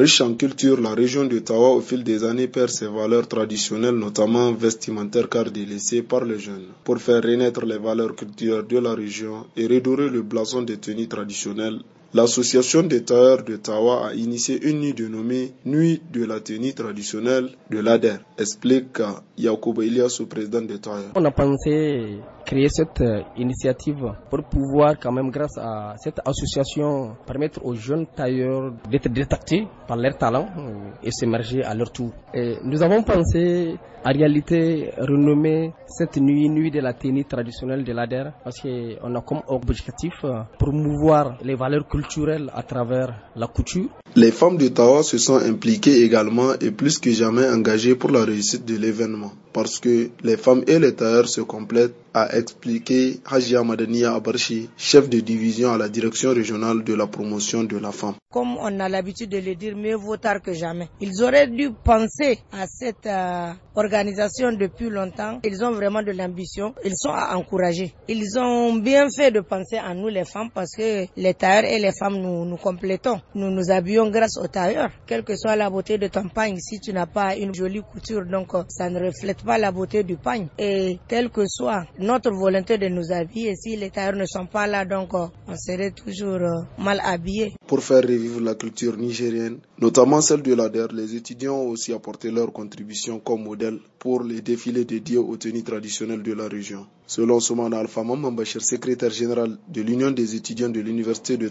Riche en culture, la région d'Ottawa au fil des années perd ses valeurs traditionnelles, notamment vestimentaires car délaissées par les jeunes. Pour faire renaître les valeurs culturelles de la région et redorer le blason des tenues traditionnelles, L'association des tailleurs de Tawa a initié une nuit dénommée Nuit de la tenue traditionnelle de l'ADER, explique Yacoub Elias, président des tailleurs. On a pensé créer cette euh, initiative pour pouvoir quand même grâce à cette association permettre aux jeunes tailleurs d'être détectés par leur talent euh, et s'émerger à leur tour. Et nous avons pensé en réalité renommer cette nuit Nuit de la tenue traditionnelle de l'ADER parce qu'on a comme objectif euh, promouvoir les valeurs culturelles culturelle à travers la couture. Les femmes de Tawa se sont impliquées également et plus que jamais engagées pour la réussite de l'événement parce que les femmes et les tailleurs se complètent, a expliqué Hajia Madania Abarchi, chef de division à la direction régionale de la promotion de la femme. Comme on a l'habitude de le dire, mieux vaut tard que jamais. Ils auraient dû penser à cette euh, organisation depuis longtemps. Ils ont vraiment de l'ambition. Ils sont à encourager. Ils ont bien fait de penser à nous les femmes parce que les tailleurs et les femmes, nous nous complétons. Nous nous habillons grâce aux tailleurs. Quelle que soit la beauté de ton pagne, si tu n'as pas une jolie couture, donc euh, ça ne reflète pas la beauté du pagne. Et quelle que soit notre volonté de nous habiller, si les tailleurs ne sont pas là, donc euh, on serait toujours euh, mal habillé. Pour faire revivre la culture nigérienne, notamment celle de l'ADER, les étudiants ont aussi apporté leur contribution comme modèle pour les défilés dédiés aux tenues traditionnelles de la région. Selon Soumana ambassadeur secrétaire général de l'Union des étudiants de l'Université de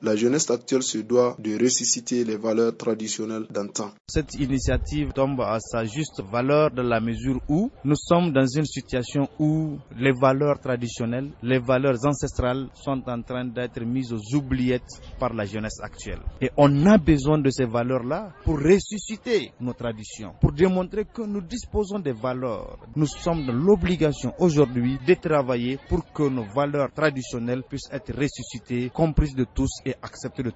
la jeunesse actuelle se doit de ressusciter les valeurs traditionnelles d'antan. Cette initiative tombe à sa juste valeur dans la mesure où nous sommes dans une situation où les valeurs traditionnelles, les valeurs ancestrales sont en train d'être mises aux oubliettes par la jeunesse actuelle. Et on a besoin de ces valeurs-là pour ressusciter nos traditions, pour démontrer que nous disposons des valeurs. Nous sommes dans l'obligation aujourd'hui de travailler pour que nos valeurs traditionnelles puissent être ressuscitées, comprises de tous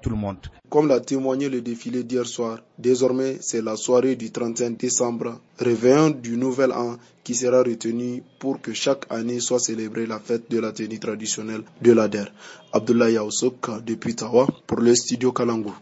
tout le monde. Comme l'a témoigné le défilé d'hier soir, désormais c'est la soirée du 31 décembre, réveillant du nouvel an, qui sera retenu pour que chaque année soit célébrée la fête de la tenue traditionnelle de l'ADER. Abdullah de depuis Tawa, pour le studio Kalangou.